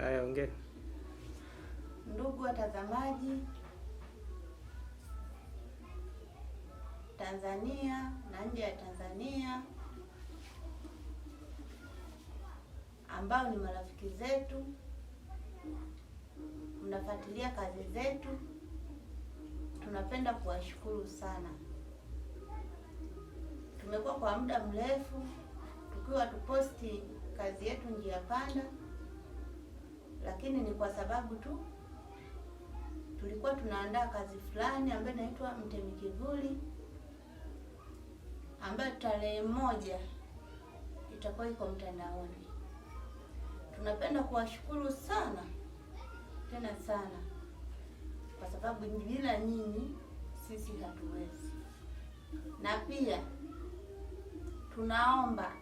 Haya, ongea. Ndugu watazamaji, Tanzania na nje ya Tanzania ambao ni marafiki zetu, mnafuatilia kazi zetu, tunapenda kuwashukuru sana. Tumekuwa kwa muda mrefu tukiwa tuposti kazi yetu njia panda lakini ni kwa sababu tu tulikuwa tunaandaa kazi fulani ambayo inaitwa Mtemi Kivuli, ambayo tarehe moja itakuwa iko mtandaoni. Tunapenda kuwashukuru sana tena sana, kwa sababu bila nyinyi sisi hatuwezi, na pia tunaomba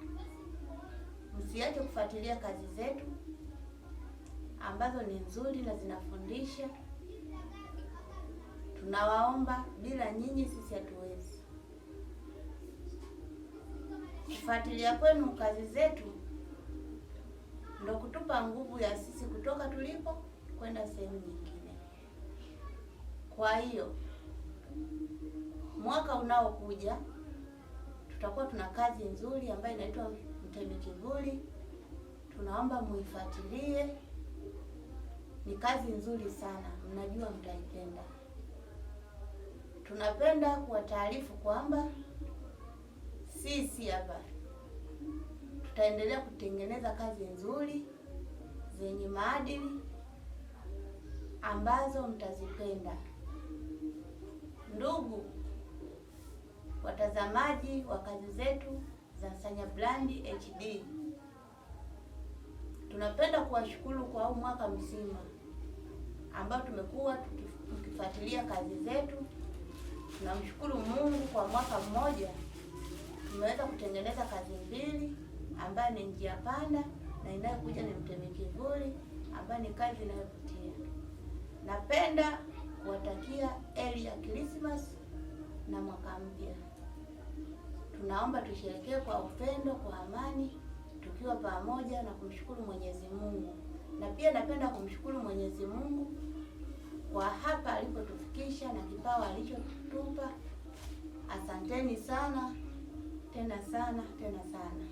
msiache kufuatilia kazi zetu ambazo ni nzuri na zinafundisha. Tunawaomba, bila nyinyi sisi hatuwezi. Kufuatilia kwenu kazi zetu ndo kutupa nguvu ya sisi kutoka tulipo kwenda sehemu nyingine. Kwa hiyo mwaka unaokuja tutakuwa tuna kazi nzuri ambayo inaitwa Mtemi Kivuli. Tunaomba muifuatilie. Ni kazi nzuri sana, mnajua mtaipenda. Tunapenda kuwataarifu kwamba sisi hapa tutaendelea kutengeneza kazi nzuri zenye maadili ambazo mtazipenda. Ndugu watazamaji wa kazi zetu za sanya Brand HD, tunapenda kuwashukuru kwa huu mwaka mzima ambayo tumekuwa tukifuatilia kazi zetu. Tunamshukuru Mungu kwa mwaka mmoja tumeweza kutengeneza kazi mbili ambayo ni njia panda na inayokuja ni Mtemi Kivuli ambayo ni kazi inayovutia. Napenda kuwatakia heri ya Christmas na mwaka mpya. Tunaomba tusherekee kwa upendo, kwa amani, tukiwa pamoja na kumshukuru Mwenyezi Mungu na pia napenda kumshukuru Mwenyezi Mungu kwa hapa alipotufikisha na kipawa alichotupa. Asanteni sana tena sana tena sana.